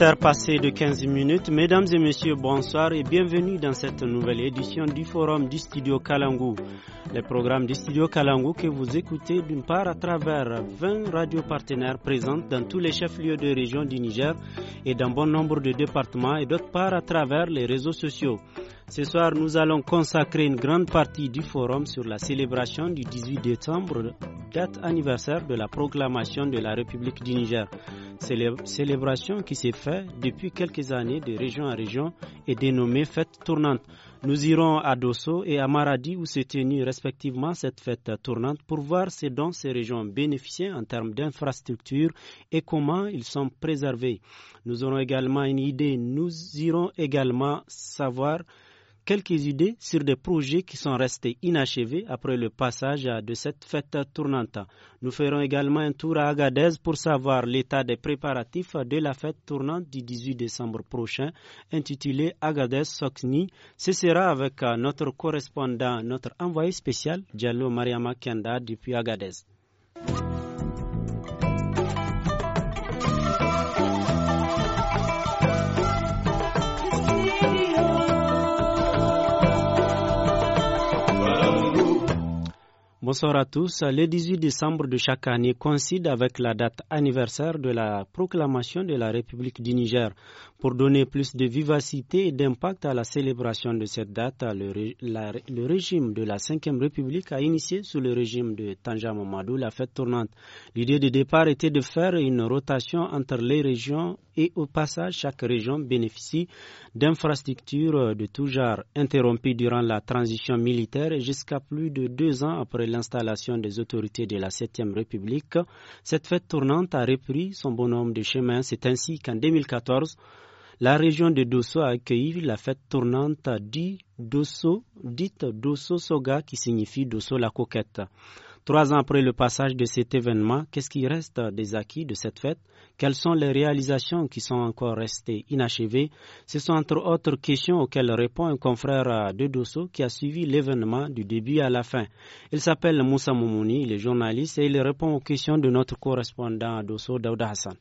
7 de 15 minutes, mesdames et messieurs, bonsoir et bienvenue dans cette nouvelle édition du forum du studio Kalangou. Le programme du studio Kalangou que vous écoutez d'une part à travers 20 radios partenaires présentes dans tous les chefs-lieux de région du Niger et dans bon nombre de départements et d'autre part à travers les réseaux sociaux. Ce soir, nous allons consacrer une grande partie du forum sur la célébration du 18 décembre, date anniversaire de la proclamation de la République du Niger. Célébration qui s'est faite depuis quelques années de région en région et dénommée fête tournante. Nous irons à Dosso et à Maradi où s'est tenue respectivement cette fête tournante pour voir ce dont ces régions bénéficient en termes d'infrastructures et comment ils sont préservés. Nous aurons également une idée, nous irons également savoir quelques idées sur des projets qui sont restés inachevés après le passage de cette fête tournante. Nous ferons également un tour à Agadez pour savoir l'état des préparatifs de la fête tournante du 18 décembre prochain, intitulée Agadez Sokni. Ce sera avec euh, notre correspondant, notre envoyé spécial, Diallo Mariama Kenda, depuis Agadez. Bonsoir à tous. Le 18 décembre de chaque année coïncide avec la date anniversaire de la proclamation de la République du Niger. Pour donner plus de vivacité et d'impact à la célébration de cette date, le, régime de la Ve République a initié sous le régime de Tanja Mamadou la fête tournante. L'idée de départ était de faire une rotation entre les régions et au passage chaque région bénéficie d'infrastructures de tout genre interrompues durant la transition militaire jusqu'à plus de deux ans après l'installation des autorités de la 7e République, cette fête tournante a repris son bonhomme de chemin. C'est ainsi qu'en 2014, la région de Dosso a accueilli la fête tournante dit Dosso, dite Dosso Soga, qui signifie Dosso la coquette. Trois ans après le passage de cet événement, qu'est-ce qui reste des acquis de cette fête Quelles sont les réalisations qui sont encore restées inachevées Ce sont entre autres questions auxquelles répond un confrère de Dosso qui a suivi l'événement du début à la fin. Il s'appelle Moussa Moumouni, il est journaliste et il répond aux questions de notre correspondant à Dosso, Daouda Hassan.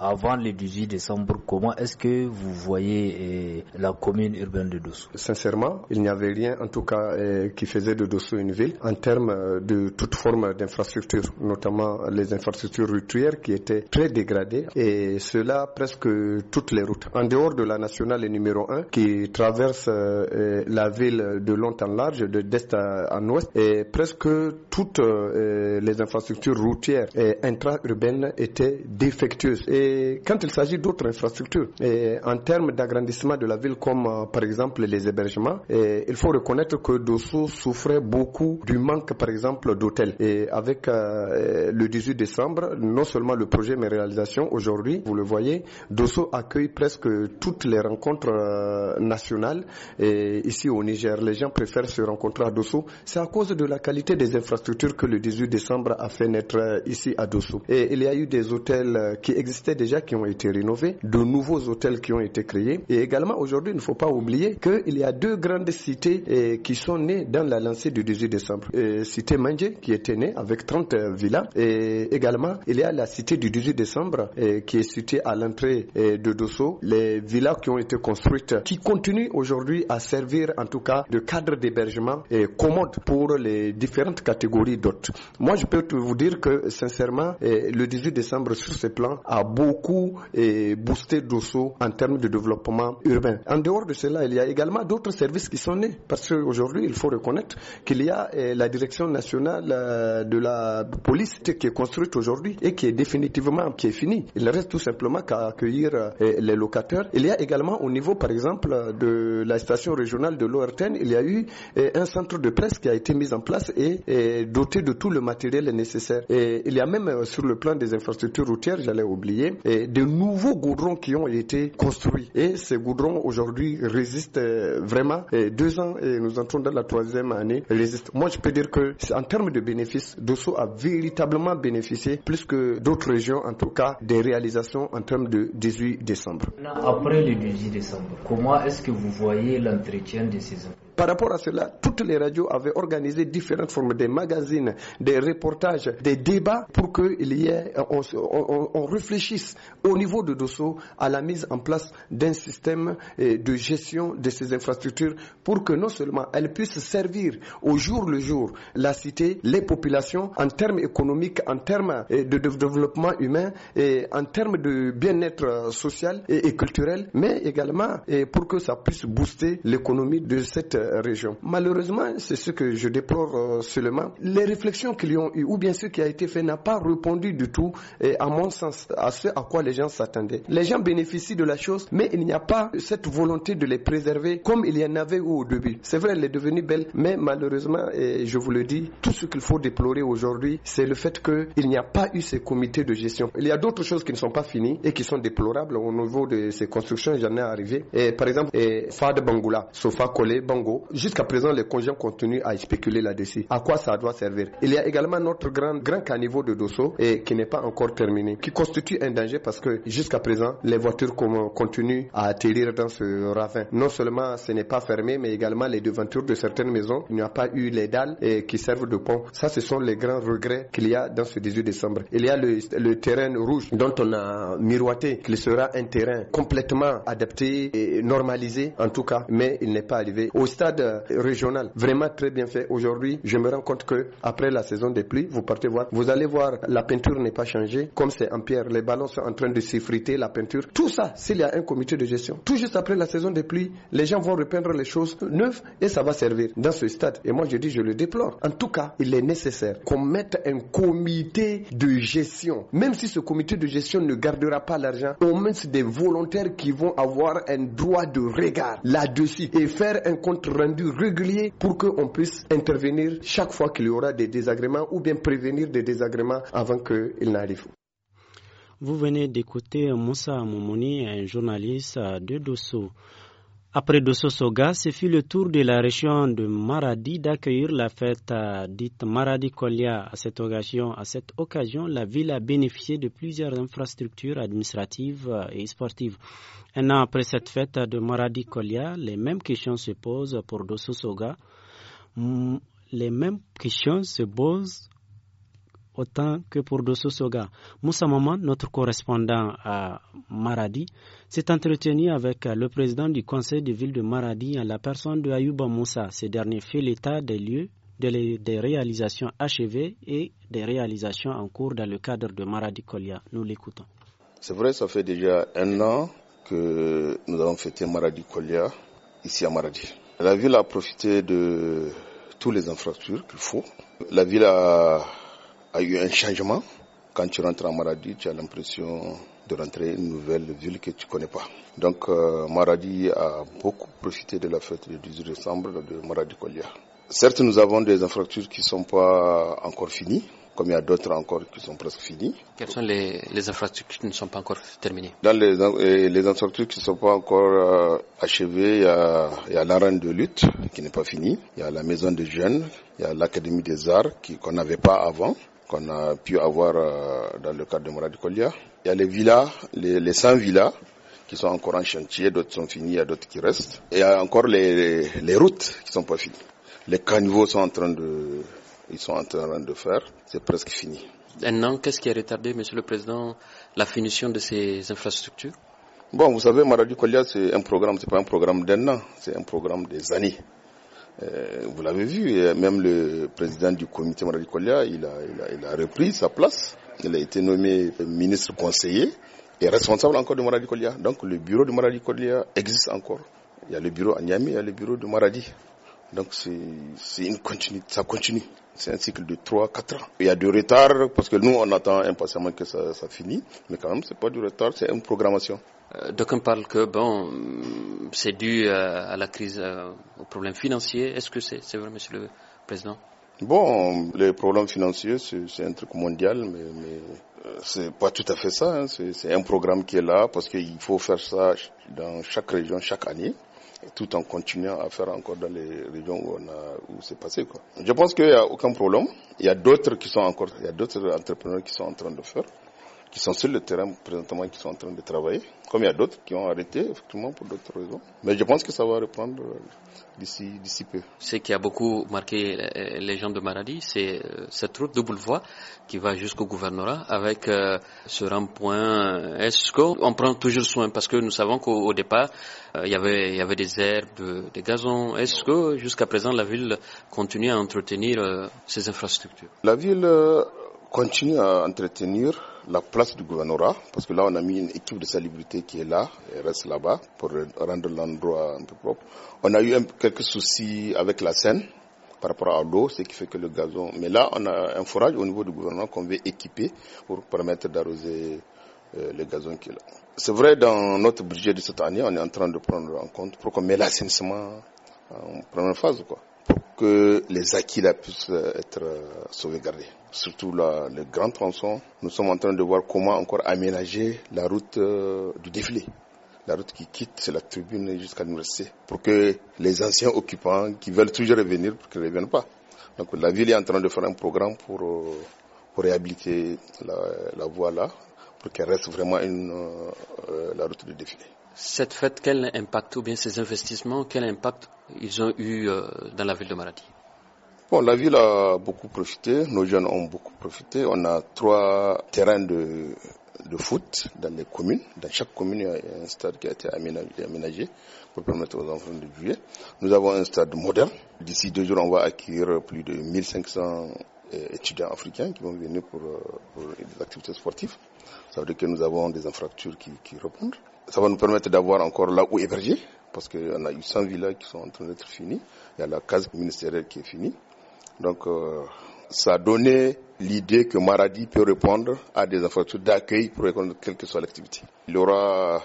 Avant le 18 décembre, comment est-ce que vous voyez eh, la commune urbaine de Dosso Sincèrement, il n'y avait rien en tout cas eh, qui faisait de Dosso une ville en termes euh, de toute forme d'infrastructure, notamment les infrastructures routières qui étaient très dégradées et cela presque toutes les routes. En dehors de la nationale numéro 1 qui traverse eh, la ville de long en large, de d'est en ouest, et presque toutes les infrastructures routières et intra-urbaines étaient défectueuses. Et quand il s'agit d'autres infrastructures, et en termes d'agrandissement de la ville, comme euh, par exemple les hébergements, et il faut reconnaître que Dosso souffrait beaucoup du manque, par exemple, d'hôtels. Et avec euh, le 18 décembre, non seulement le projet mais réalisation aujourd'hui, vous le voyez, Dosso accueille presque toutes les rencontres euh, nationales. Et ici au Niger, les gens préfèrent se rencontrer à Dosso. C'est à cause de la qualité des infrastructures que le 18 décembre a fait naître ici à Dosso. Et il y a eu des hôtels qui existaient déjà qui ont été rénovés, de nouveaux hôtels qui ont été créés. Et également, aujourd'hui, il ne faut pas oublier qu'il y a deux grandes cités eh, qui sont nées dans la lancée du 18 décembre. Eh, cité Mangé, qui était née avec 30 euh, villas. Et également, il y a la cité du 18 décembre eh, qui est située à l'entrée de Dosso. Les villas qui ont été construites, qui continuent aujourd'hui à servir en tout cas de cadre d'hébergement et commode pour les différentes catégories d'hôtes. Moi, je peux vous dire que sincèrement, le 18 décembre sur ces plans a beaucoup beaucoup et boosté Dosso en termes de développement urbain. En dehors de cela, il y a également d'autres services qui sont nés parce qu'aujourd'hui, il faut reconnaître qu'il y a eh, la direction nationale euh, de la police qui est construite aujourd'hui et qui est définitivement qui est finie. Il reste tout simplement qu'à accueillir eh, les locataires. Il y a également au niveau, par exemple, de la station régionale de l'ORTN, il y a eu eh, un centre de presse qui a été mis en place et, et doté de tout le matériel nécessaire. Et il y a même euh, sur le plan des infrastructures routières, j'allais oublier, et de nouveaux goudrons qui ont été construits. Et ces goudrons aujourd'hui résistent euh, vraiment. deux ans, et nous entrons dans la troisième année, résistent. Moi, je peux dire que en termes de bénéfices, Dosso a véritablement bénéficié, plus que d'autres régions en tout cas, des réalisations en termes de 18 décembre. Après le 18 décembre, comment est-ce que vous voyez l'entretien de ces par rapport à cela, toutes les radios avaient organisé différentes formes, des magazines, des reportages, des débats pour qu'il y ait, on, réfléchisse au niveau de Dosso à la mise en place d'un système eh, de gestion de ces infrastructures pour que non seulement elles puissent servir au jour le jour la cité, les populations en termes économiques, en termes eh, de développement humain, et en termes de bien-être euh, social et culturel, mais également eh, pour que ça puisse booster l'économie de cette euh, région. Malheureusement, c'est ce que je déplore euh, seulement. Les réflexions qu'ils ont eues, ou bien ce qui a été fait, n'a pas répondu du tout, et à mon sens, à ce à quoi les gens s'attendaient. Les gens bénéficient de la chose, mais il n'y a pas cette volonté de les préserver comme il y en avait au début. C'est vrai, elle est devenue belle, mais malheureusement, et je vous le dis, tout ce qu'il faut déplorer aujourd'hui, c'est le fait qu'il n'y a pas eu ces comités de gestion. Il y a d'autres choses qui ne sont pas finies et qui sont déplorables au niveau de ces constructions, j'en ai arrivé. Et par exemple, et Fad Bangoula, Sofa Kole Bango, Jusqu'à présent, les congés continuent à spéculer là-dessus. À quoi ça doit servir Il y a également notre grand, grand caniveau de Dosso et qui n'est pas encore terminé, qui constitue un danger parce que jusqu'à présent, les voitures continuent à atterrir dans ce ravin. Non seulement ce n'est pas fermé, mais également les devantures de certaines maisons, il n'y a pas eu les dalles et qui servent de pont. Ça, ce sont les grands regrets qu'il y a dans ce 18 décembre. Il y a le, terrain rouge dont on a miroité qu'il sera un terrain complètement adapté et normalisé, en tout cas, mais il n'est pas arrivé. Au stade stade euh, régional, vraiment très bien fait. Aujourd'hui, je me rends compte que après la saison des pluies, vous partez voir, vous allez voir, la peinture n'est pas changée, comme c'est en pierre, les ballons sont en train de s'effriter, la peinture. Tout ça, s'il y a un comité de gestion, tout juste après la saison des pluies, les gens vont repeindre les choses neuves et ça va servir dans ce stade. Et moi, je dis, je le déplore. En tout cas, il est nécessaire qu'on mette un comité de gestion, même si ce comité de gestion ne gardera pas l'argent, au moins des volontaires qui vont avoir un droit de regard là-dessus et faire un contrôle rendu régulier pour qu'on puisse intervenir chaque fois qu'il y aura des désagréments ou bien prévenir des désagréments avant qu'ils n'arrivent. Vous venez d'écouter Moussa Momouni, un journaliste de Dossou. Après Dososoga, ce fut le tour de la région de Maradi d'accueillir la fête euh, dite Maradi Kolia. À cette occasion, à cette occasion, la ville a bénéficié de plusieurs infrastructures administratives euh, et sportives. Un an après cette fête de Maradi Kolia, les mêmes questions se posent pour Dososoga. Les mêmes questions se posent autant que pour Dosso Soga. Moussa Maman, notre correspondant à Maradi, s'est entretenu avec le président du conseil de ville de Maradi en la personne de Ayouba Moussa. Ce dernier fait l'état des lieux, des, réalisations achevées et des réalisations en cours dans le cadre de Maradi Kolia. Nous l'écoutons. C'est vrai, ça fait déjà un an que nous avons fêté Maradi Kolia ici à Maradi. La ville a profité de toutes les infrastructures qu'il faut. La ville a a eu un changement. Quand tu rentres à Maradi, tu as l'impression de rentrer une nouvelle ville que tu connais pas. Donc euh, Maradi a beaucoup profité de la fête du 18 décembre de Maradi Kolia. Certes, nous avons des infrastructures qui sont pas encore finies, comme il y a d'autres encore qui sont presque finies. Quelles sont les, infrastructures qui ne sont pas encore terminées Dans euh, les, infrastructures qui sont pas encore euh, achevées, il y a, l'arène de lutte qui n'est pas finie, il y a la maison des jeunes, il y a l'académie des arts qu'on n'avait pas avant, qu'on a pu avoir euh, dans le cadre de Kolia. Il y a les villas, les, 100 villas qui sont encore en chantier, d'autres sont finis, il y a d'autres qui restent. Et il y a encore les, routes qui sont pas finies. Les caniveaux sont en train de, ils sont en train de faire. C'est presque fini. Un an, qu'est-ce qui a retardé, Monsieur le Président, la finition de ces infrastructures Bon, vous savez, Maradi Kolia, c'est un programme, c'est pas un programme d'un an, c'est un programme des années. Euh, vous l'avez vu, même le président du comité Maradi Kolia, il a, repris sa place. Il a été nommé ministre conseiller et responsable encore de Maradi Kolia. Donc le bureau de Maradi Kolia existe encore. Il y a le bureau à Niamey, il y a le bureau de Maradi. Donc c'est ça continue. C'est un cycle de 3-4 ans. Il y a du retard parce que nous on attend impatiemment que ça, ça finisse, mais quand même c'est pas du retard, c'est une programmation. Euh, D'aucuns parlent que bon, c'est dû euh, à la crise, euh, aux problèmes financiers Est-ce que c'est vrai, Monsieur le Président Bon, les problèmes financiers, c'est un truc mondial, mais, ce c'est pas tout à fait ça. Hein. C'est un programme qui est là parce qu'il faut faire ça dans chaque région chaque année tout en continuant à faire encore dans les régions où, on où c'est passé. Je pense qu'il n'y a aucun problème. Il y a d'autres qui sont encore, il y a d'autres entrepreneurs qui sont en train de faire qui sont sur le terrain présentement, qui sont en train de travailler, comme il y a d'autres qui ont arrêté, effectivement, pour d'autres raisons. Mais je pense que ça va reprendre euh, d'ici, d'ici peu. Ce qui a beaucoup marqué les gens de Maradi, c'est euh, cette route double voie qui va jusqu'au gouvernorat avec euh, ce rond-point. Est-ce qu'on prend toujours soin Parce que nous savons qu'au départ, il, y avait, il y avait des herbes, des gazons. Est-ce que jusqu'à présent, la ville continue à entretenir ces infrastructures La ville continue à entretenir la place du gouvernorat, parce que là on a mis une équipe de salubrité qui est là, et reste là-bas pour rendre l'endroit un peu propre. On a eu quelques soucis avec la Seine par rapport à l'eau, ce qui fait que le gazon. Mais là on a un forage au niveau du gouvernement qu'on veut équiper pour permettre d'arroser euh, le gazon qui est là. C'est vrai, dans notre budget de cette année, on est en train de prendre en compte pour qu'on mette l'assainissement en première phase. quoi que les acquis là puissent être euh, sauvegardés. Surtout le grand tronçon, nous sommes en train de voir comment encore aménager la route euh, du défilé la route qui quitte la tribune jusqu'à l'université pour que les anciens occupants qui veulent toujours revenir, pour qu'ils ne reviennent pas. Donc la ville est en train de faire un programme pour, euh, réhabiliter la, voie là, pour qu'elle reste vraiment une, la route du défilé cette fête, quel impact, ou bien ces investissements, quel impact ils ont eu euh, dans la ville de Maradi Bon, la ville a beaucoup profité, nos jeunes ont beaucoup profité. On a trois terrains de, foot dans les communes. Dans chaque commune, il y a un stade qui a été aménagé pour permettre aux enfants de jouer. Nous avons un stade moderne. D'ici deux jours, on va accueillir plus de 1500 euh, étudiants africains qui vont venir euh, pour, des activités sportives. Ça veut dire que nous avons des infrastructures qui, qui répondent. Ça va nous permettre d'avoir encore là où héberger, parce qu'on a eu 100 villages qui sont en train d'être finis. Il y a la case ministérielle qui est finie. Donc, euh, ça a donné l'idée que Maradi peut répondre à des infrastructures d'accueil pour répondre quelle que soit l'activité. Il y aura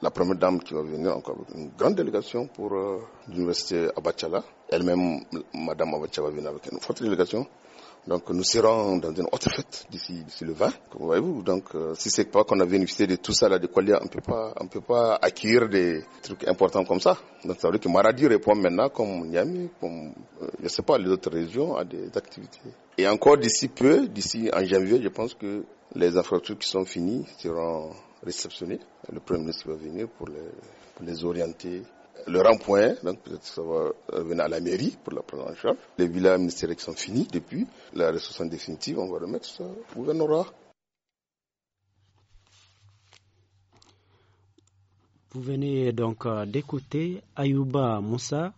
la première dame qui va venir encore, une grande délégation pour euh, l'université Abachala. Elle-même, Madame Abacha va venir avec une forte délégation. Donc nous serons dans une autre fête d'ici le 20. Voyez-vous, donc euh, si c'est pas qu'on a bénéficié de tout ça de on peut pas on peut pas acquérir des trucs importants comme ça. Donc ça veut que Maradi répond maintenant comme Niamey, comme euh, je sais pas les autres régions à des activités. Et encore d'ici peu, d'ici en janvier, je pense que les infrastructures qui sont finies seront réceptionnées. Le premier ministre va venir pour les orienter le rang point donc peut-être ça va revenir à la mairie pour la prendre en charge. Les villas ministérielles qui sont finies depuis, la ressource définitive, on va remettre ça au gouvernorat. Vous venez donc euh, d'écouter Ayouba Moussa,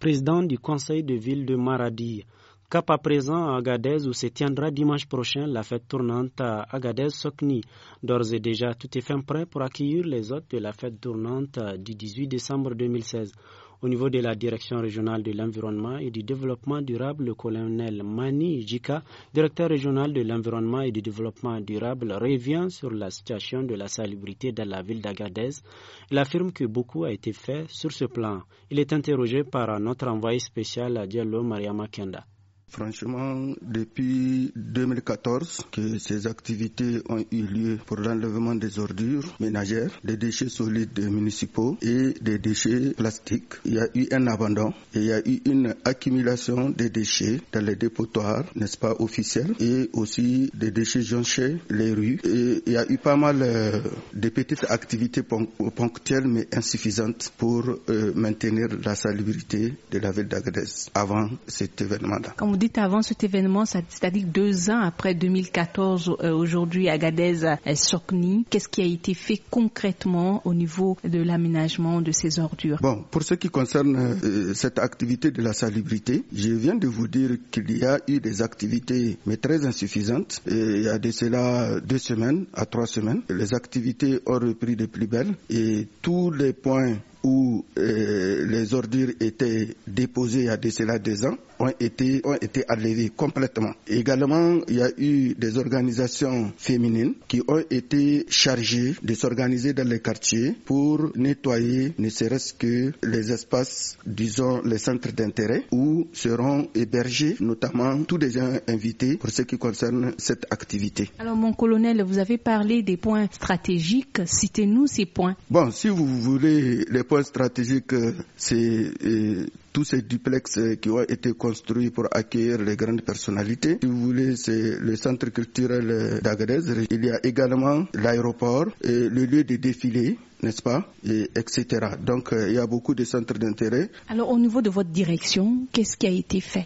président du conseil de ville de Maradi. Cap à présent à Agadez où se tiendra dimanche prochain la fête tournante à Agadez-Sokni. D'ores et déjà, tout est fin prêt pour accueillir les hôtes de la fête tournante du 18 décembre 2016. Au niveau de la direction régionale de l'environnement et du développement durable, le colonel Mani Jika, directeur régional de l'environnement et du développement durable, revient sur la situation de la salubrité dans la ville d'Agadez. Il affirme que beaucoup a été fait sur ce plan. Il est interrogé par notre envoyé spécial à Diallo Mariama Kenda. Franchement, depuis 2014 que ces activités ont eu lieu pour l'enlèvement des ordures ménagères, des déchets solides municipaux et des déchets plastiques, il y a eu un abandon et il y a eu une accumulation des déchets dans les dépotoirs, n'est-ce pas, officiels, et aussi des déchets jonchés, les rues. il y a eu pas mal euh, de petites activités ponctuelles mais insuffisantes pour euh, maintenir la salubrité de la ville d'Agadez avant cet événement-là dites avant cet événement, c'est-à-dire deux ans après 2014, euh, aujourd'hui Agadez euh, Sokni, qu'est-ce qui a été fait concrètement au niveau de l'aménagement de ces ordures Bon, pour ce qui concerne euh, cette activité de la salubrité, je viens de vous dire qu'il y a eu des activités, mais très insuffisantes. il y a de cela deux semaines à trois semaines. Les activités ont repris de plus belle et tous les points où euh, les ordures étaient déposées il y a de cela deux ans ont été, ont été enlevées complètement. Également, il y a eu des organisations féminines qui ont été chargées de s'organiser dans les quartiers pour nettoyer ne serait-ce que les espaces, disons les centres d'intérêt, où seront hébergés notamment tous les gens invités pour ce qui concerne cette activité. Alors mon colonel, vous avez parlé des points stratégiques, citez-nous ces points. Bon, si vous voulez les points stratégique, euh, c'est euh, tous ces duplex euh, qui ont été construits pour accueillir les grandes personnalités. Si vous voulez, c'est le centre culturel d'Agadez. Il y a également l'aéroport et le lieu de défilé n'est-ce pas, et etc. Donc il y a beaucoup de centres d'intérêt. Alors au niveau de votre direction, qu'est-ce qui a été fait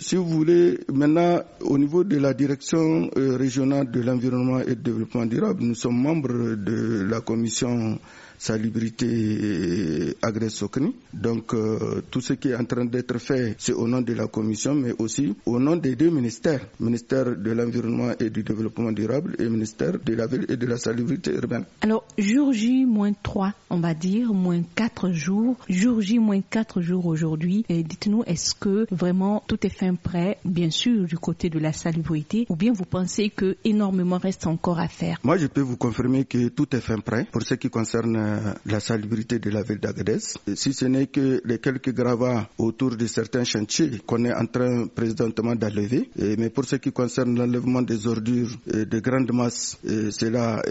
Si vous voulez, maintenant au niveau de la direction régionale de l'environnement et du développement durable, nous sommes membres de la commission salubrité agresse Socni. Donc euh, tout ce qui est en train d'être fait, c'est au nom de la commission, mais aussi au nom des deux ministères, ministère de l'environnement et du développement durable et ministère de la ville et de la salubrité urbaine. Alors jour J moins 3, on va dire moins 4 jours, jour J moins 4 jours aujourd'hui. Dites-nous, est-ce que vraiment tout est fin prêt, bien sûr du côté de la salubrité, ou bien vous pensez que énormément reste encore à faire Moi, je peux vous confirmer que tout est fin prêt pour ce qui concerne euh, euh, la salubrité de la ville d'Agadez, si ce n'est que les quelques gravats autour de certains chantiers qu'on est en train présentement d'enlever. Mais pour ce qui concerne l'enlèvement des ordures de grande masse, cela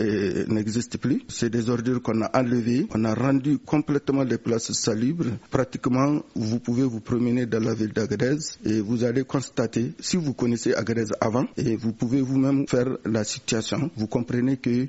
n'existe plus. C'est des ordures qu'on a enlevées, on a rendu complètement les places salubres. Pratiquement, vous pouvez vous promener dans la ville d'Agadez et vous allez constater, si vous connaissez Agadez avant, et vous pouvez vous-même faire la situation. Vous comprenez que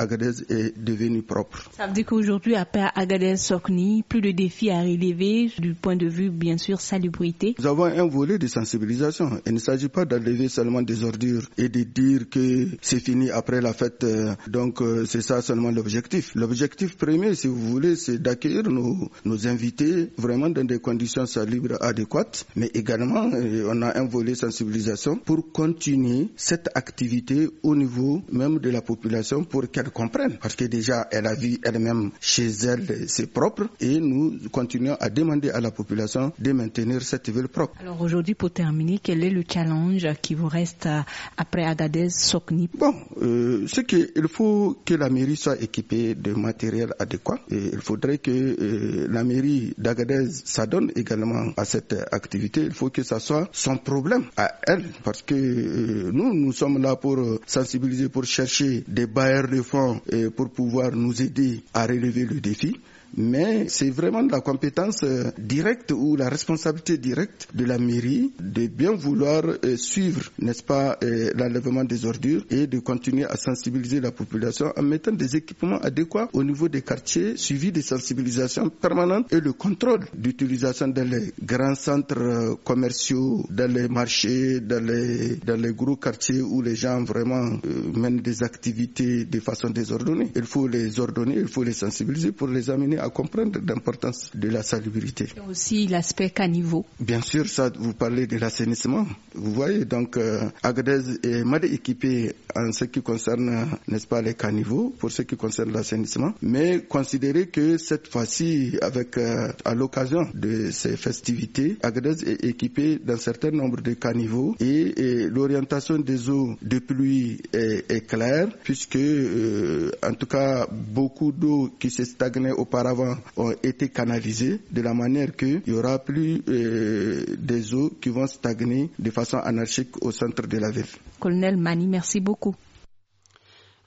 Agadez est devenu propre. Ça qu'aujourd'hui, à Agadez-Sokni, plus de défis à relever du point de vue, bien sûr, salubrité Nous avons un volet de sensibilisation. Il ne s'agit pas d'enlever seulement des ordures et de dire que c'est fini après la fête. Donc, euh, c'est ça seulement l'objectif. L'objectif premier, si vous voulez, c'est d'accueillir nos, nos invités vraiment dans des conditions salubres adéquates. Mais également, euh, on a un volet sensibilisation pour continuer cette activité au niveau même de la population pour qu'elle comprenne. Parce que déjà, elle a vu elle-même chez elle, c'est propre. Et nous continuons à demander à la population de maintenir cette ville propre. Alors aujourd'hui, pour terminer, quel est le challenge qui vous reste après Agadez, Sokni Bon, euh, c'est qu'il faut que la mairie soit équipée de matériel adéquat. Et il faudrait que euh, la mairie d'Agadez s'adonne également à cette activité. Il faut que ça soit son problème à elle, parce que euh, nous, nous sommes là pour euh, sensibiliser, pour chercher des bailleurs de fonds et pour pouvoir nous aider à à relever le défi mais c'est vraiment la compétence euh, directe ou la responsabilité directe de la mairie de bien vouloir euh, suivre, n'est-ce pas, euh, l'enlèvement des ordures et de continuer à sensibiliser la population en mettant des équipements adéquats au niveau des quartiers, suivi des sensibilisations permanentes et le contrôle d'utilisation dans les grands centres commerciaux, dans les marchés, dans les, dans les gros quartiers où les gens vraiment mènent des activités de façon désordonnée. Il faut les ordonner, il faut les sensibiliser pour les amener à comprendre l'importance de la salubrité. Et aussi l'aspect caniveau. Bien sûr, ça, vous parlez de l'assainissement. Vous voyez, donc, euh, Agadez est mal équipé en ce qui concerne, n'est-ce pas, les caniveaux, pour ce qui concerne l'assainissement. Mais considérez que cette fois-ci, avec, euh, à l'occasion de ces festivités, Agadez est équipé d'un certain nombre de caniveaux et, l'orientation des eaux de pluie est, claire, puisque, euh, en tout cas, beaucoup d'eau qui se stagnait auparavant avant ont été canalisés de la manière qu'il n'y aura plus euh, des eaux qui vont stagner de façon anarchique au centre de la ville. Colonel Mani, merci beaucoup.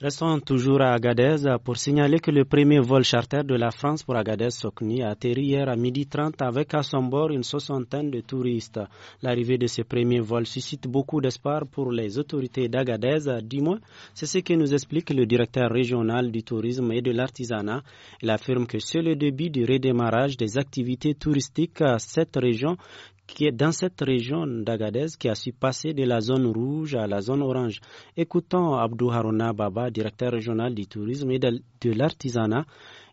Restons toujours à Agadez pour signaler que le premier vol charter de la France pour Agadez-Sokni a atterri hier à 12h30 avec à son bord une soixantaine de touristes. L'arrivée de ce premier vol suscite beaucoup d'espoir pour les autorités d'Agadez, du moins c'est ce que nous explique le directeur régional du tourisme et de l'artisanat. Il affirme que c'est le début du redémarrage des activités touristiques à cette région qui est dans cette région d'Agadez qui a su passer de la zone rouge à la zone orange. Écoutons Abdou Harouna Baba, directeur régional du tourisme et de, l'artisanat.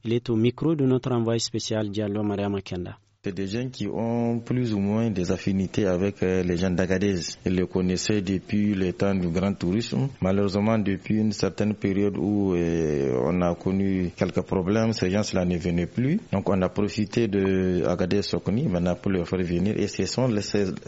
Il est au micro de notre envoyé spécial Diallo Maria Makenda. C'est des gens qui ont plus ou moins des affinités avec euh, les gens d'Agadez. Ils les connaissaient depuis le temps du grand tourisme. Malheureusement, depuis une certaine période où euh, on a connu quelques problèmes, ces gens-là ne venaient plus. Donc on a profité de Agadez Sokoni maintenant pour leur faire venir. Et ce sont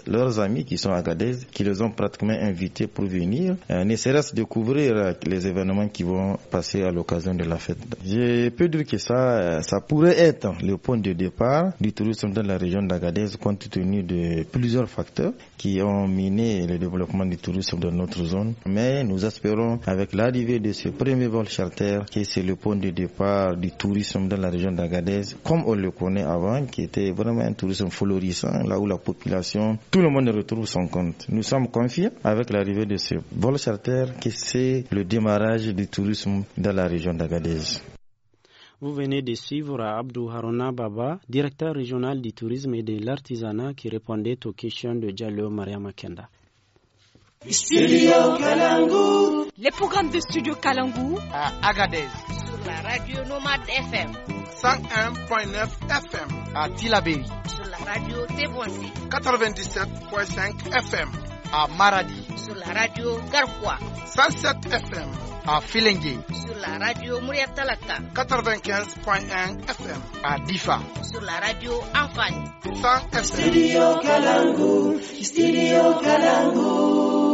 leurs amis qui sont à Agadez qui les ont pratiquement invités pour venir, euh, ne serait de découvrir les événements qui vont passer à l'occasion de la fête. Je peux dire que ça, ça pourrait être le point de départ du tourisme dans la région d'Agadez compte tenu de plusieurs facteurs qui ont miné le développement du tourisme dans notre zone. Mais nous espérons avec l'arrivée de ce premier vol charter, qui c'est le point de départ du tourisme dans la région d'Agadez, comme on le connaît avant, qui était vraiment un tourisme florissant, là où la population, tout le monde retrouve son compte. Nous sommes confiants avec l'arrivée de ce vol charter, que c'est le démarrage du tourisme dans la région d'Agadez. Vous venez de suivre Abdou Haruna Baba, directeur régional du tourisme et de l'artisanat, qui répondait aux questions de Diallo Maria Makenda. Studio Kalangu. Les programmes de Studio Kalangu à Agadez. Sur la radio Nomad FM. 101.9 FM à Tilabé. Sur la radio Tebouassi. 97.5 FM à Maradi. Sur la radio Garkwa. 107 FM à Filengue. Sur la radio Mouriatalata. 95.1 FM à Difa. Sur la radio Anfani. 100 FM. Studio Kalangu. Studio Kalangu.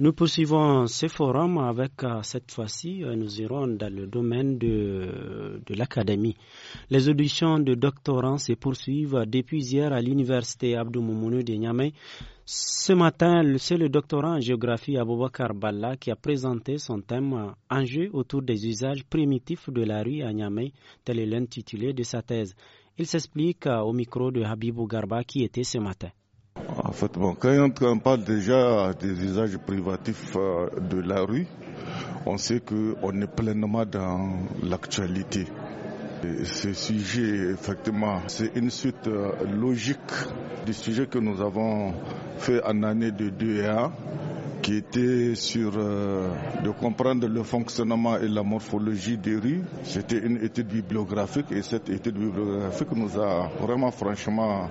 Nous poursuivons ce forum avec, euh, cette fois-ci, euh, nous irons dans le domaine de, de l'académie. Les auditions de doctorants se poursuivent depuis hier à l'université Abdou Moumouni de Niamey. Ce matin, c'est le doctorant en géographie Aboubakar Balla qui a présenté son thème euh, Enjeux autour des usages primitifs de la rue à Niamey, tel est l'intitulé de sa thèse. Il s'explique euh, au micro de Habibou Garba qui était ce matin. En fait, quand on parle déjà des usages privatifs euh, de la rue, on sait qu'on est pleinement dans l'actualité. Ce sujet, effectivement, c'est une suite euh, logique du sujet que nous avons fait en année de 2A qui était sur euh, de comprendre le fonctionnement et la morphologie des rues. C'était une étude bibliographique et cette étude bibliographique nous a vraiment franchement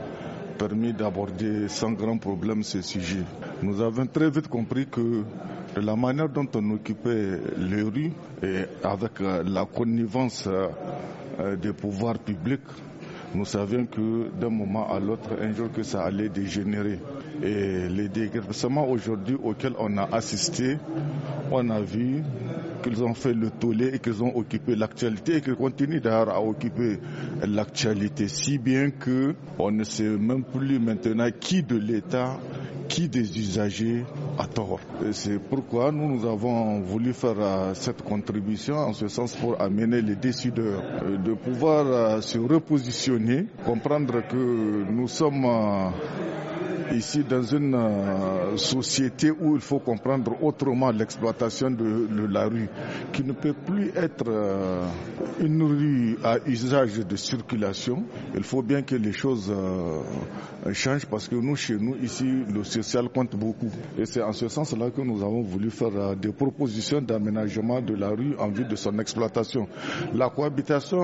permis d'aborder sans grand problème ce sujet. Nous avons très vite compris que la manière dont on occupait les rues et avec euh, la connivence euh, euh, des pouvoirs publics nous savions que d'un moment à l'autre, un jour que ça allait dégénérer. Et les seulement aujourd'hui auxquels on a assisté, on a vu qu'ils ont fait le tollé et qu'ils ont occupé l'actualité et qu'ils continuent d'ailleurs à occuper l'actualité, si bien que on ne sait même plus maintenant qui de l'État, qui des usagers a tort. C'est pourquoi nous, nous avons voulu faire euh, cette contribution en ce sens pour amener les décideurs euh, de pouvoir euh, se repositionner comprendre que nous sommes euh, ici dans une euh, société où il faut comprendre autrement l'exploitation de, la rue, qui ne peut plus être euh, une rue à usage de circulation. Il faut bien que les choses euh, changent parce que nous, chez nous, ici, le social compte beaucoup. Et c'est en ce sens-là que nous avons voulu faire des propositions d'aménagement de la rue en vue de son exploitation. La cohabitation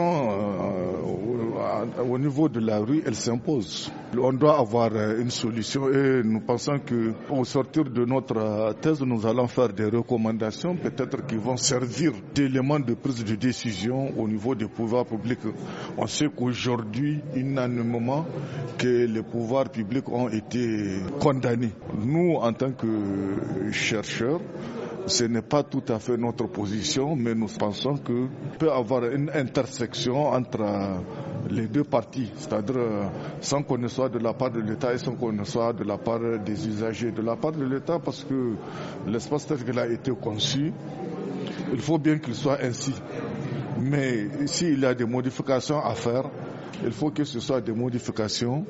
au niveau de la rue, elle s'impose. On doit avoir une solution nous pensons que qu'au sortir de notre thèse, nous allons faire des recommandations peut-être qui vont servir d'éléments de prise de décision au niveau des pouvoirs publics. On sait qu'aujourd'hui, unanimement, que les pouvoirs publics ont été condamnés. Nous, en tant que chercheurs, ce n'est pas tout à fait notre position, mais nous pensons que peut avoir une intersection entre les deux parties, c'est-à-dire euh, sans qu'on ne soit de la part de l'État et sans qu'on ne soit de la part des usagers, de la part de l'État parce que l'espace tel qu'il a été conçu, il faut bien qu'il soit ainsi. Mais s'il y a des modifications à faire, il faut que ce soit des modifications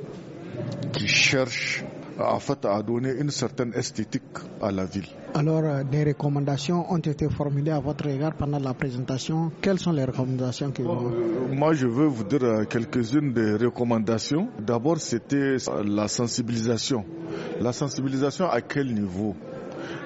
qui cherchent en fait, à donner une certaine esthétique à la ville. Alors, euh, des recommandations ont été formulées à votre égard pendant la présentation. Quelles sont les recommandations que oh, euh, Moi, je veux vous dire euh, quelques-unes des recommandations. D'abord, c'était la sensibilisation. La sensibilisation à quel niveau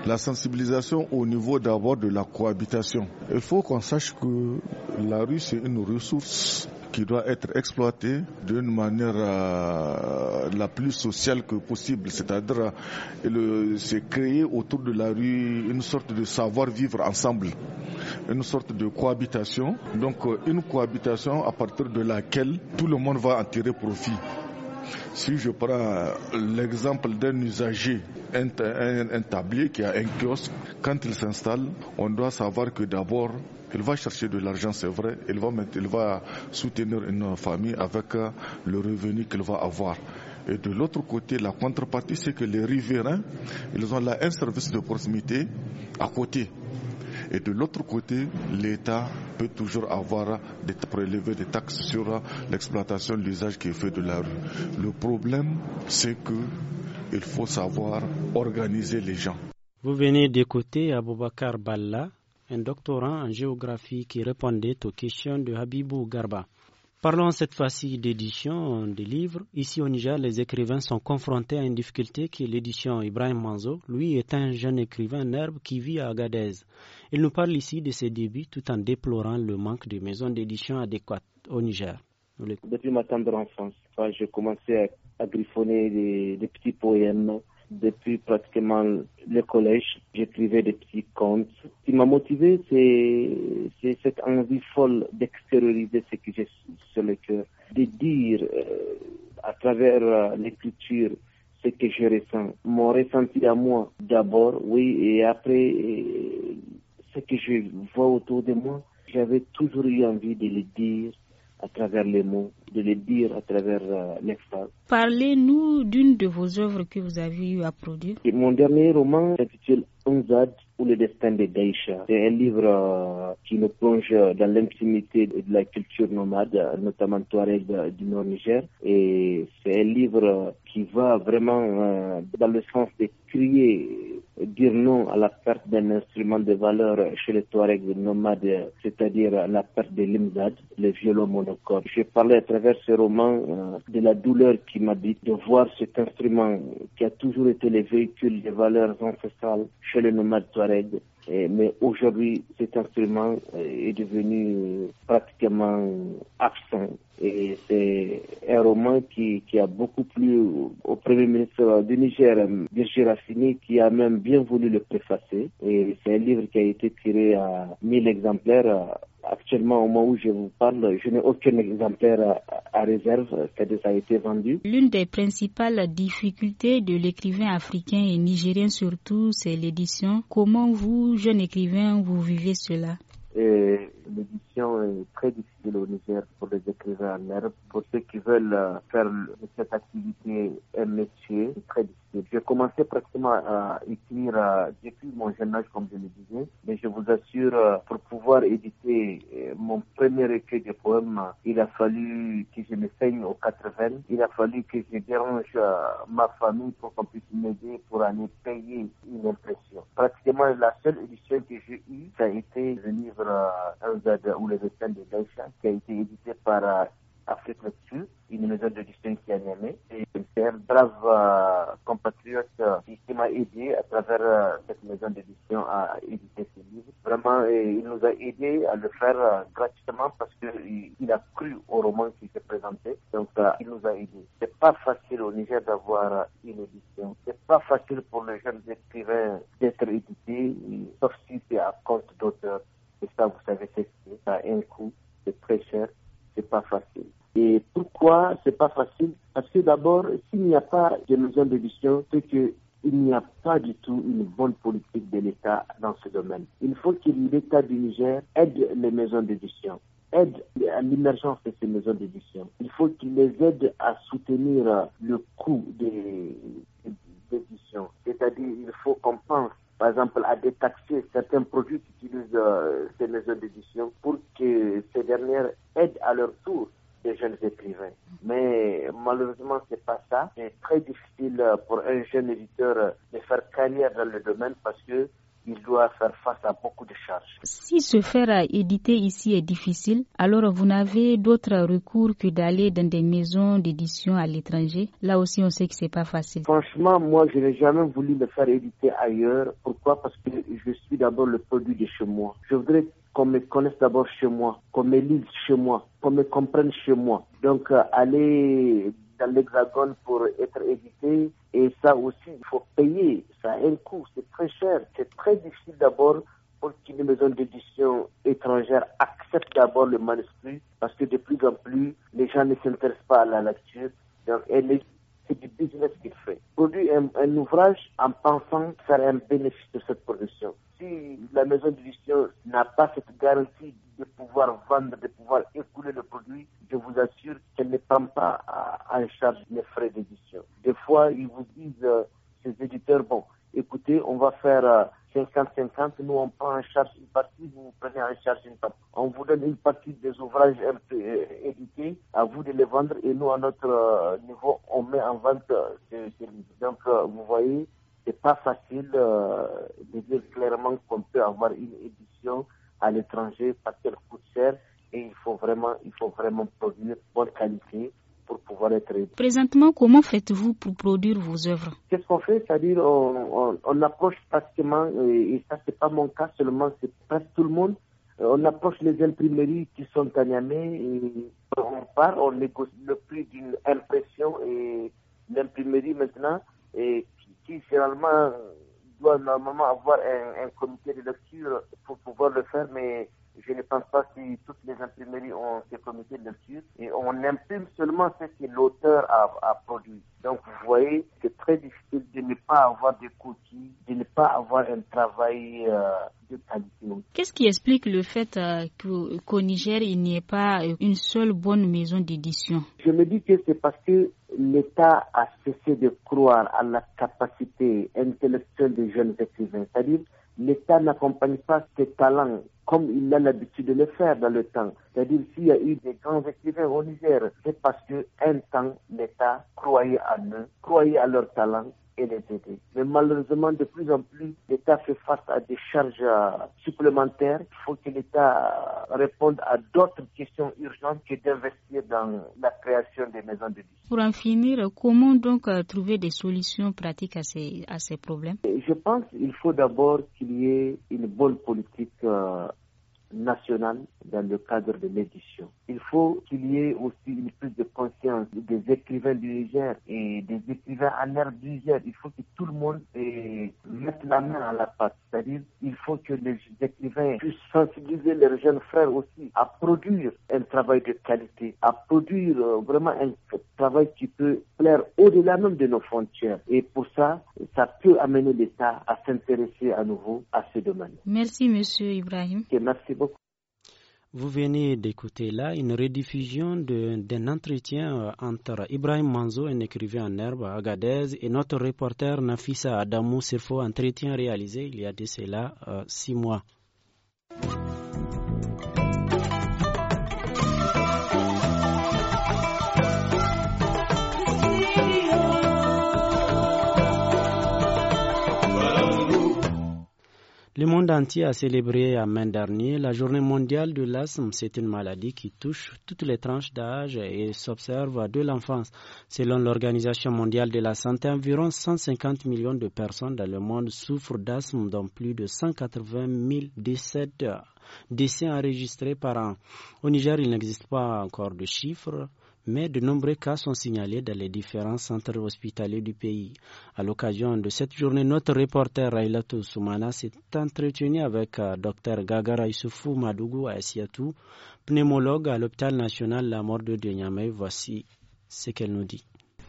la sensibilisation au niveau d'abord de la cohabitation. Il faut qu'on sache que la rue, c'est une ressource qui doit être exploité d'une manière euh, la plus sociale que possible, c'est-à-dire euh, c'est créer autour de la rue une sorte de savoir-vivre ensemble, une sorte de cohabitation, donc euh, une cohabitation à partir de laquelle tout le monde va en tirer profit. Si je prends l'exemple d'un usager, un, tablier qui a un kiosque, quand il s'installe, on doit savoir que d'abord, il va chercher de l'argent, c'est vrai. Il va, il va soutenir une famille avec euh, le revenu qu'il va avoir. Et de l'autre côté, la contrepartie, c'est que les riverains, ils ont là un service de proximité à côté. Et de l'autre côté, l'État peut toujours avoir des prélevés des taxes sur euh, l'exploitation, l'usage qui est fait de la rue. Le problème, c'est que il faut savoir organiser les gens. Vous venez d'écouter Aboubakar Balla, un doctorant en géographie qui répondait aux questions de Habibou Garba. Parlons cette fois-ci d'édition des livres. Ici au Niger, les écrivains sont confrontés à une difficulté qui est l'édition Ibrahim Manzo. Lui est un jeune écrivain herbe qui vit à Agadez. Il nous parle ici de ses débuts tout en déplorant le manque de maisons d'édition adéquates au Niger. Depuis ma tendre enfance, j'ai commencé à griffonner des, des petits poèmes depuis pratiquement le collège. J'écrivais des petits contes. Ce qui m'a motivé, c'est cette envie folle d'extérioriser ce que j'ai sur le cœur, de dire euh, à travers euh, l'écriture ce que je ressens, mon ressenti à moi d'abord, oui, et après euh, ce que je vois autour de moi. J'avais toujours eu envie de le dire à travers les mots, de les dire à travers euh, Parlez-nous d'une de vos œuvres que vous avez eu à produire. mon dernier roman s'intitule Unzad ou le destin de Daïcha. C'est un livre euh, qui nous plonge dans l'intimité de la culture nomade, notamment Touareg euh, du Nord-Niger. Et c'est un livre qui va vraiment euh, dans le sens de crier euh, dire non à la perte d'un instrument de valeur chez les Touaregs nomades, c'est-à-dire la perte de l'imdad, le violon monocorde. J'ai parlé à travers ce roman euh, de la douleur qui m'a dit de voir cet instrument qui a toujours été le véhicule des valeurs ancestrales chez les nomades Touaregs mais aujourd'hui, cet instrument euh, est devenu euh, pratiquement euh, absent. Et c'est un roman qui, qui, a beaucoup plu au Premier ministre du Niger, Birgit Rassini, qui a même bien voulu le préfacer. Et c'est un livre qui a été tiré à 1000 exemplaires Actuellement, au moment où je vous parle, je n'ai aucun exemplaire à, réserve, cest ça été vendu. L'une des principales difficultés de l'écrivain africain et nigérien surtout, c'est l'édition. Comment vous, jeune écrivain, vous vivez cela euh, L'édition est très difficile le pour les écrivains en herbe, pour ceux qui veulent euh, faire cette activité un métier très difficile. J'ai commencé pratiquement à écrire euh, depuis mon jeune âge, comme je le disais, mais je vous assure, euh, pour pouvoir éditer mon premier écrit de poèmes, il a fallu que je me saigne aux quatre il a fallu que je dérange ma famille pour qu'on puisse m'aider pour aller payer une impression. Pratiquement la seule édition que j'ai eue, ça a été le livre ou les étoiles de Daïcha, qui a été édité par euh, Afrique Sud, une maison d'édition qui a aimé. c'est un brave euh, compatriote euh, qui, m'a aidé à travers cette maison d'édition à éditer ce livre. Vraiment, il nous a aidé à le faire gratuitement parce qu'il il a cru au roman qui s'est présenté. Donc, il nous a aidé. C'est pas facile au Niger d'avoir une édition. C'est pas facile pour les jeunes écrivains d'être édités, sauf si c'est à compte d'auteurs. Et ça, vous savez, c'est un coût c'est très cher, c'est pas facile. Et pourquoi c'est pas facile Parce que d'abord, s'il n'y a pas de maisons d'édition, c'est qu'il il n'y a pas du tout une bonne politique de l'État dans ce domaine. Il faut que l'État du Niger aide les maisons d'édition, aide à l'émergence de ces maisons d'édition. Il faut qu'il les aide à soutenir le coût des, éditions. C'est-à-dire, il faut qu'on pense par exemple, à détaxer certains produits qui utilisent euh, ces maisons d'édition pour que ces dernières aident à leur tour des jeunes écrivains. Mais malheureusement, c'est pas ça. C'est très difficile euh, pour un jeune éditeur euh, de faire carrière dans le domaine parce que il doit faire face à beaucoup de charges. Si se faire éditer ici est difficile, alors vous n'avez d'autre recours que d'aller dans des maisons d'édition à l'étranger. Là aussi, on sait que c'est pas facile. Franchement, moi, je n'ai jamais voulu me faire éditer ailleurs. Pourquoi Parce que je suis d'abord le produit de chez moi. Je voudrais qu'on me connaisse d'abord chez moi, qu'on me lise chez moi, qu'on me comprenne chez moi. Donc, euh, aller l'Hexagone pour être édité. Et ça aussi, il faut payer. Ça a un coût, c'est très cher. C'est très difficile d'abord pour qu'une maison d'édition étrangère accepte d'abord le manuscrit parce que de plus en plus, les gens ne s'intéressent pas à la lecture. Donc, elle est c'est du business qu'il fait. Produit un, ouvrage en pensant faire un bénéfice de cette production. Si la maison d'édition n'a pas cette garantie de pouvoir vendre, de pouvoir écouler le produit, je vous assure qu'elle ne prend pas en charge les frais d'édition. Des fois, ils vous disent, euh, ces éditeurs, bon, écoutez, on va faire... Euh, 50-50, nous on prend en charge une partie, vous, prenez en charge une partie. On vous donne une partie des ouvrages euh, édités, à vous de les vendre et nous à notre euh, niveau on met en vente euh, ces, livres. Donc vous voyez, c'est pas facile de dire clairement qu'on peut avoir une édition à l'étranger parce qu'elle coûte cher et il faut vraiment, il faut vraiment produire bonne qualité pour pouvoir être. Présentement, comment faites-vous pour produire vos œuvres Qu'est-ce qu'on fait C'est-à-dire, on, on, approche pratiquement, et ça, c'est pas mon cas seulement, c'est presque tout le monde. Euh, on approche les imprimeries qui sont à Niamey, et on part, on négocie le prix d'une impression et l'imprimerie maintenant, et qui, finalement doit normalement avoir un, un comité de lecture pour pouvoir le faire, mais je ne pense pas si toutes les imprimeries ont ces comités de lecture et on imprime seulement ce que l'auteur a, produit. Donc vous voyez, c'est très difficile de ne pas avoir des coquilles, de ne pas avoir un travail euh, de qualité. Qu'est-ce qui explique le fait euh, qu'au Niger, il n'y ait pas euh, une seule bonne maison d'édition Je me dis que c'est parce que l'État a cessé de croire à la capacité intellectuelle des jeunes écrivains. C'est-à-dire, l'État n'accompagne pas ses talents comme il a l'habitude de le faire dans le temps. C'est-à-dire, s'il y a eu des grands écrivains au Niger, c'est parce que un temps, l'État croyait en eux, croyait à leur talent, et Mais malheureusement, de plus en plus, l'État fait face à des charges euh, supplémentaires. Il faut que l'État réponde à d'autres questions urgentes que d'investir dans la création des maisons de vie. Pour en finir, comment donc euh, trouver des solutions pratiques à ces, à ces problèmes Je pense qu'il faut d'abord qu'il y ait une bonne politique euh, national dans le cadre de l'édition. Il faut qu'il y ait aussi une prise de conscience des écrivains du Niger et des écrivains en air du Niger. Il faut que tout le monde mette la main à la pâte. C'est-à-dire, il faut que les écrivains puissent sensibiliser leurs jeunes frères aussi à produire un travail de qualité, à produire euh, vraiment un travail qui peut plaire au-delà même de nos frontières. Et pour ça, ça peut amener l'État à s'intéresser à nouveau à ce domaine. Merci, Monsieur Ibrahim. merci beaucoup. Vous venez d'écouter là une rediffusion d'un entretien euh, entre Ibrahim Manzo, un écrivain en herbe à Agadez, et notre reporter Nafisa Adamou Sirfo, entretien réalisé il y a de cela euh, six mois. Le monde entier a célébré à main dernier la journée mondiale de l'asthme. C'est une maladie qui touche toutes les tranches d'âge et s'observe de l'enfance. Selon l'Organisation mondiale de la santé, environ 150 millions de personnes dans le monde souffrent d'asthme, dont plus de 180 000 décès décès enregistrés par an. Au Niger, il n'existe pas encore de chiffres mais de nombreux cas sont signalés dans les différents centres hospitaliers du pays. À l'occasion de cette journée, notre reporter Railato Soumana s'est entretenu avec euh, Dr Gagara Issoufou Madougou à pneumologue à l'hôpital national La Mort de Niamey. Voici ce qu'elle nous dit.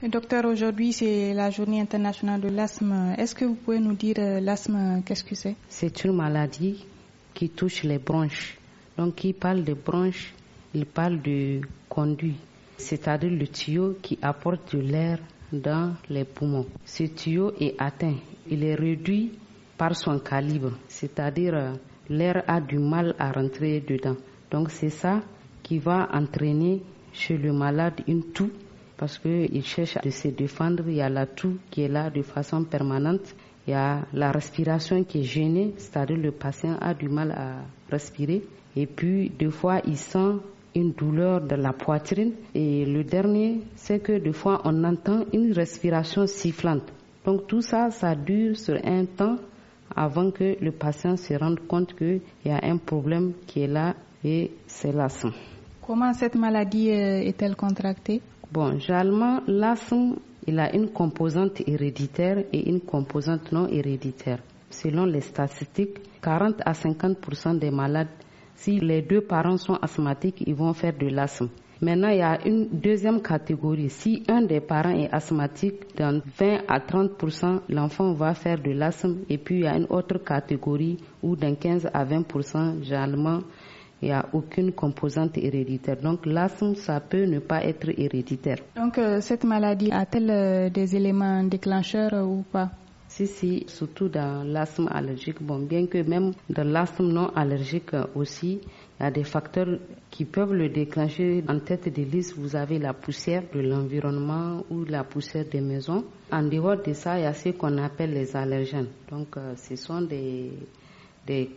Docteur, aujourd'hui c'est la journée internationale de l'asthme. Est-ce que vous pouvez nous dire euh, l'asthme, qu'est-ce que c'est C'est une maladie qui touche les bronches. Donc il parle de bronches, il parle de conduit c'est-à-dire le tuyau qui apporte de l'air dans les poumons. Ce tuyau est atteint, il est réduit par son calibre, c'est-à-dire euh, l'air a du mal à rentrer dedans. Donc c'est ça qui va entraîner chez le malade une toux parce qu'il cherche à se défendre. Il y a la toux qui est là de façon permanente. Il y a la respiration qui est gênée, c'est-à-dire le patient a du mal à respirer. Et puis, deux fois, il sent une douleur de la poitrine. Et le dernier, c'est que des fois, on entend une respiration sifflante. Donc tout ça, ça dure sur un temps avant que le patient se rende compte qu'il y a un problème qui est là et c'est l'asthme. Comment cette maladie euh, est-elle contractée Bon, généralement, l'asthme, il a une composante héréditaire et une composante non héréditaire. Selon les statistiques, 40 à 50 des malades si les deux parents sont asthmatiques, ils vont faire de l'asthme. Maintenant, il y a une deuxième catégorie. Si un des parents est asthmatique, dans 20 à 30 l'enfant va faire de l'asthme. Et puis, il y a une autre catégorie où, dans 15 à 20 généralement, il n'y a aucune composante héréditaire. Donc, l'asthme, ça peut ne pas être héréditaire. Donc, euh, cette maladie a-t-elle euh, des éléments déclencheurs ou pas si, si, surtout dans l'asthme allergique. bien que même dans l'asthme non allergique aussi, il y a des facteurs qui peuvent le déclencher. En tête de liste, vous avez la poussière de l'environnement ou la poussière des maisons. En dehors de ça, il y a ce qu'on appelle les allergènes. Donc, euh, ce sont des,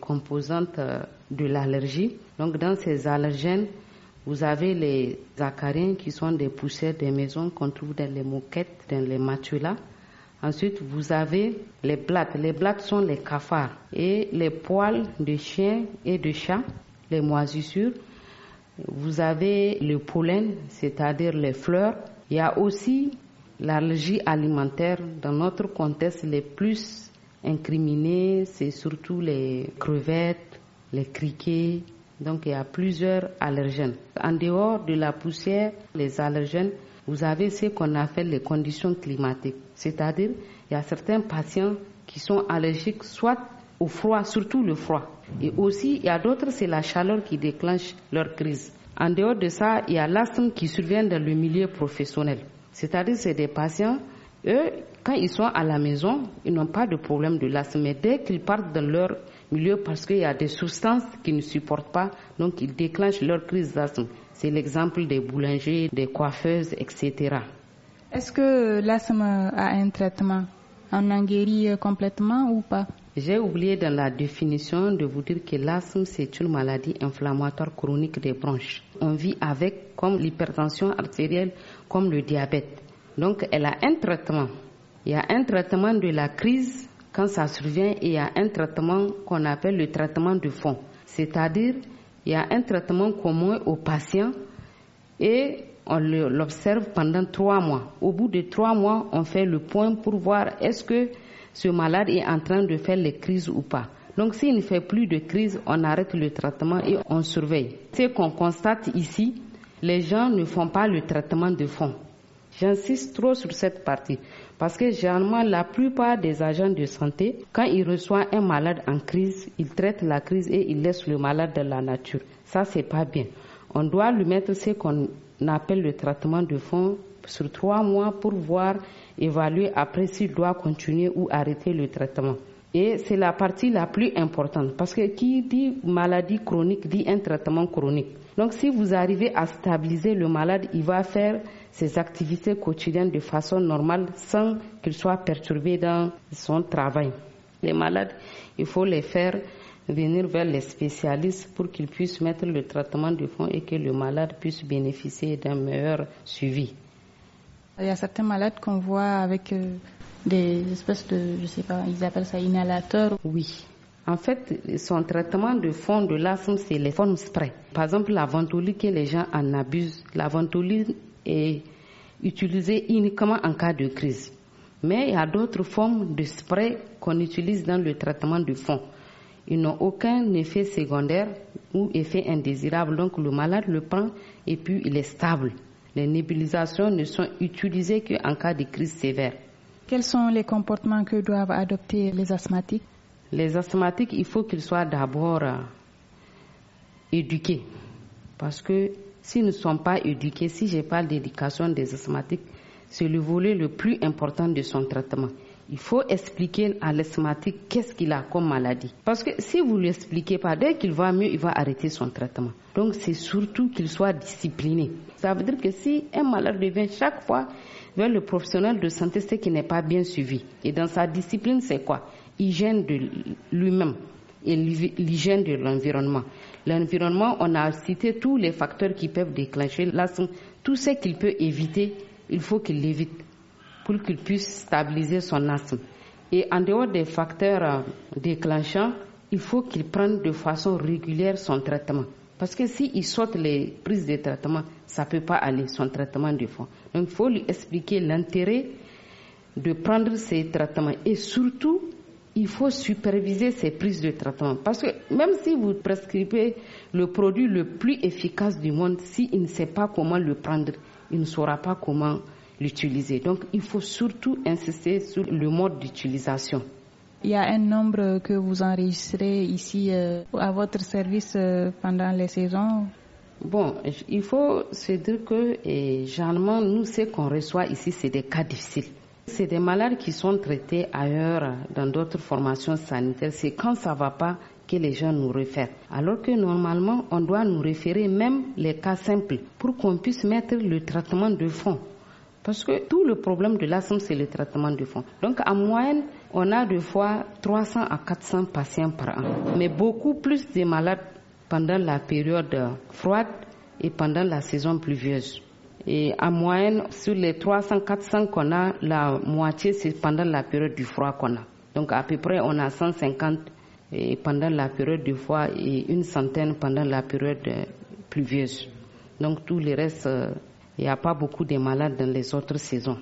composantes euh, de l'allergie. Donc, dans ces allergènes, vous avez les acariens qui sont des poussières des maisons qu'on trouve dans les moquettes, dans les matelas Ensuite, vous avez les blattes. Les blattes sont les cafards et les poils de chiens et de chats, les moisissures. Vous avez le pollen, c'est-à-dire les fleurs. Il y a aussi l'allergie alimentaire. Dans notre contexte, les plus incriminés, c'est surtout les crevettes, les criquets. Donc, il y a plusieurs allergènes. En dehors de la poussière, les allergènes, vous avez ce qu'on appelle les conditions climatiques. C'est-à-dire, il y a certains patients qui sont allergiques soit au froid, surtout le froid. Et aussi, il y a d'autres, c'est la chaleur qui déclenche leur crise. En dehors de ça, il y a l'asthme qui survient dans le milieu professionnel. C'est-à-dire, c'est des patients, eux, quand ils sont à la maison, ils n'ont pas de problème de l'asthme. Mais dès qu'ils partent dans leur milieu, parce qu'il y a des substances qu'ils ne supportent pas, donc ils déclenchent leur crise d'asthme. C'est l'exemple des boulangers, des coiffeuses, etc. Est-ce que l'asthme a un traitement On en guérit euh, complètement ou pas J'ai oublié dans la définition de vous dire que l'asthme, c'est une maladie inflammatoire chronique des bronches. On vit avec, comme l'hypertension artérielle, comme le diabète. Donc, elle a un traitement. Il y a un traitement de la crise quand ça survient et il y a un traitement qu'on appelle le traitement du fond. C'est-à-dire, il y a un traitement commun au patient et on l'observe pendant trois mois. Au bout de trois mois, on fait le point pour voir est-ce que ce malade est en train de faire les crises ou pas. Donc s'il ne fait plus de crise, on arrête le traitement et on surveille. Ce qu'on constate ici, les gens ne font pas le traitement de fond. J'insiste trop sur cette partie. Parce que généralement, la plupart des agents de santé, quand ils reçoivent un malade en crise, ils traitent la crise et ils laissent le malade dans la nature. Ça, c'est pas bien. On doit lui mettre ce qu'on appelle le traitement de fond sur trois mois pour voir, évaluer après s'il doit continuer ou arrêter le traitement. Et c'est la partie la plus importante parce que qui dit maladie chronique dit un traitement chronique. Donc si vous arrivez à stabiliser le malade, il va faire ses activités quotidiennes de façon normale sans qu'il soit perturbé dans son travail. Les malades, il faut les faire venir vers les spécialistes pour qu'ils puissent mettre le traitement de fond et que le malade puisse bénéficier d'un meilleur suivi. Il y a certains malades qu'on voit avec euh, des espèces de, je sais pas, ils appellent ça inhalateurs. Oui, en fait, son traitement de fond de l'asthme, c'est les formes spray. Par exemple, la ventoline que les gens en abusent, la ventoline est utilisée uniquement en cas de crise. Mais il y a d'autres formes de spray qu'on utilise dans le traitement de fond. Ils n'ont aucun effet secondaire ou effet indésirable. Donc le malade le prend et puis il est stable. Les nébulisations ne sont utilisées qu'en cas de crise sévère. Quels sont les comportements que doivent adopter les asthmatiques les asthmatiques, il faut qu'ils soient d'abord euh, éduqués. Parce que s'ils ne sont pas éduqués, si je parle d'éducation des asthmatiques, c'est le volet le plus important de son traitement. Il faut expliquer à l'asthmatique qu'est-ce qu'il a comme maladie. Parce que si vous ne lui expliquez pas, dès qu'il va mieux, il va arrêter son traitement. Donc c'est surtout qu'il soit discipliné. Ça veut dire que si un malade devient chaque fois vers le professionnel de santé, c'est qu'il n'est pas bien suivi. Et dans sa discipline, c'est quoi hygiène de lui-même et l'hygiène de l'environnement. L'environnement, on a cité tous les facteurs qui peuvent déclencher l'asthme. Tout ce qu'il peut éviter, il faut qu'il l'évite pour qu'il puisse stabiliser son asthme. Et en dehors des facteurs euh, déclenchants, il faut qu'il prenne de façon régulière son traitement. Parce que s'il saute les prises de traitement, ça ne peut pas aller, son traitement de fond. Donc il faut lui expliquer l'intérêt de prendre ces traitements et surtout il faut superviser ces prises de traitement. Parce que même si vous prescrivez le produit le plus efficace du monde, s'il ne sait pas comment le prendre, il ne saura pas comment l'utiliser. Donc il faut surtout insister sur le mode d'utilisation. Il y a un nombre que vous enregistrez ici euh, à votre service euh, pendant les saisons Bon, il faut se dire que, et, généralement, nous, ce qu'on reçoit ici, c'est des cas difficiles. C'est des malades qui sont traités ailleurs, dans d'autres formations sanitaires. C'est quand ça va pas que les gens nous réfèrent. Alors que normalement, on doit nous référer même les cas simples pour qu'on puisse mettre le traitement de fond. Parce que tout le problème de l'asthme, c'est le traitement de fond. Donc, en moyenne, on a deux fois 300 à 400 patients par an. Mais beaucoup plus de malades pendant la période froide et pendant la saison pluvieuse. Et en moyenne, sur les 300-400 qu'on a, la moitié, c'est pendant la période du froid qu'on a. Donc à peu près, on a 150 et pendant la période du froid et une centaine pendant la période euh, pluvieuse. Donc tout le reste, euh, il n'y a pas beaucoup de malades dans les autres saisons.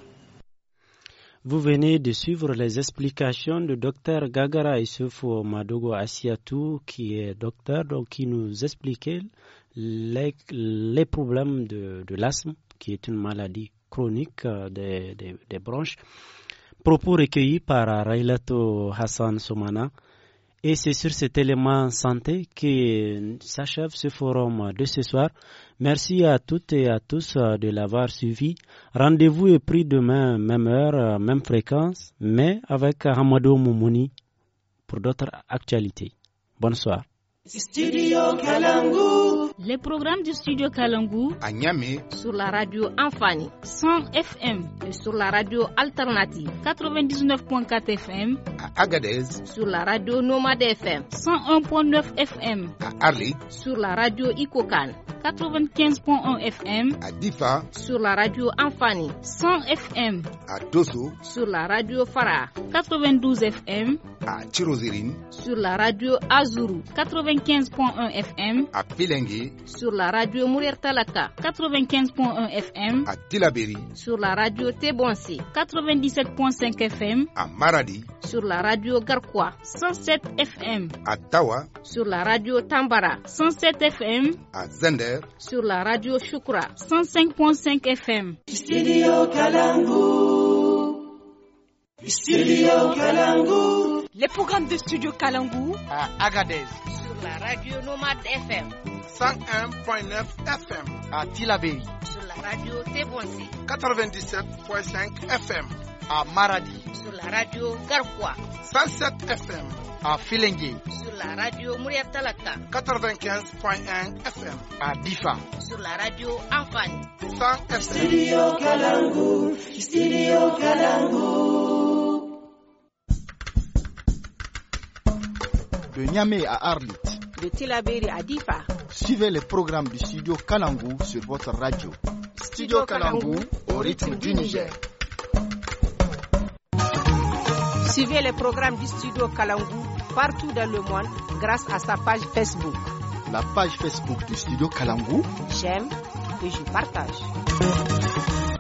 Vous venez de suivre les explications de docteur Gagara Issoufou Madogo Asiatu, qui est docteur, donc qui nous expliquait les, problèmes de l'asthme qui est une maladie chronique euh, des, des, bronches. Propos recueillis par Railato Hassan Soumana. Et c'est sur cet élément santé que s'achève ce forum de ce soir. Merci à toutes et à tous euh, de l'avoir suivi. Rendez-vous et pris demain, même heure, euh, même fréquence, mais avec Hamadou Moumouni pour d'autres actualités. Bonsoir. Studio les programmes du studio Kalangou à Niamey sur la radio Amphani 100 FM et sur la radio Alternative 99.4 FM à Agadez sur la radio Nomade FM 101.9 FM à Arli sur la radio Ikokan 95.1 FM à Difa sur la radio Amphani 100 FM à Dosso sur la radio Farah 92 FM à Tirozirin sur la radio Azuru 95.1 FM à Pilengi sur la radio Mourir Talata 95.1 FM à Tilaberi sur la radio Tebonsi 97.5 FM à Maradi sur la radio Garkwa 107 FM à Tawa sur la radio Tambara 107 FM à Zender sur la radio Shukra 105.5 FM Studio Kalangu Studio Kalangu les programmes de Studio Kalangu à Agadez sur la radio Nomad FM 101.9 FM à Tilabé sur la radio Tebonsi 97.5 FM à Maradi sur la radio Garkwa 107 FM à Filengue sur la radio Mouriatalata 95.1 FM à Difa sur la radio Anfani 100 FM Studio Kalangu Studio Kalangu de Niamey à Arlit, de Tilaberi à Difa. Suivez les programmes du studio Kalangou sur votre radio. Studio Kalangou au rythme du Niger. Suivez les programmes du studio Kalangou partout dans le monde grâce à sa page Facebook. La page Facebook du studio Kalangou. J'aime et je partage.